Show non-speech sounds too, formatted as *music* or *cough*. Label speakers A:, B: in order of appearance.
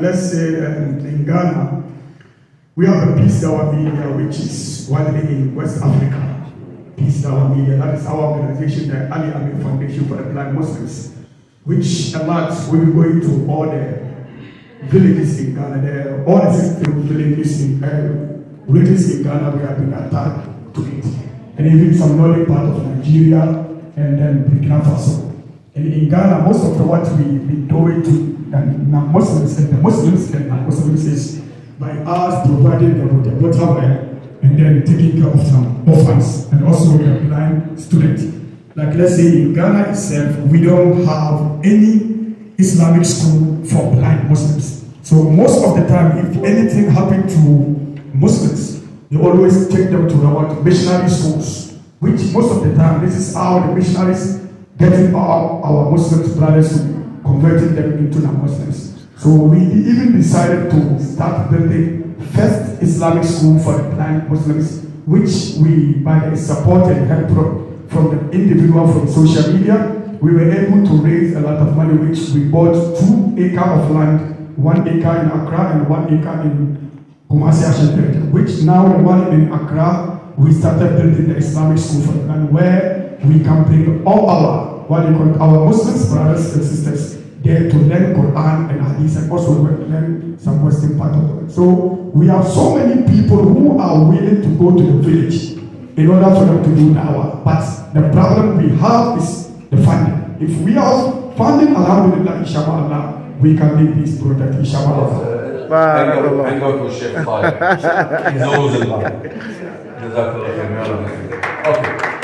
A: Let's say in Ghana, we have a Peace Dawa Media, which is widely in West Africa. Peace Dawa Media, that is our organization, the Ali Amin Foundation for the Muslims, which a lot will be going to all the villages in Ghana, the, all the villages in, uh, villages in Ghana, we have been attacked to it. And even some northern part of Nigeria and then Burkina Faso in, in Ghana, most of the what we, we do it to, most of the, the Muslims and Muslims is by us providing them the water and then taking care of some orphans and also the blind students. Like let's say in Ghana itself, we don't have any Islamic school for blind Muslims. So most of the time, if anything happened to Muslims, they always take them to the what, missionary schools, which most of the time, this is how the missionaries getting all our Muslim brothers, converting them into non-Muslims. So we even decided to start building first Islamic school for the blind Muslims, which we, by the support and help from, from the individual from social media, we were able to raise a lot of money, which we bought two acre of land, one acre in Accra and one acre in Kumasi Ashanti, which now one in Accra, we started building the Islamic school for the blind, where we can bring all our what you call our Muslims brothers and sisters there to learn Quran and Hadith and also learn some Western part of the world. So we have so many people who are willing to go to the village in order for them to do our. But the problem we have is the funding. If we are funding, alhamdulillah, inshallah, we can make this project, inshallah. Thank God for Sheikh Fire. *laughs* He knows a lot. Okay.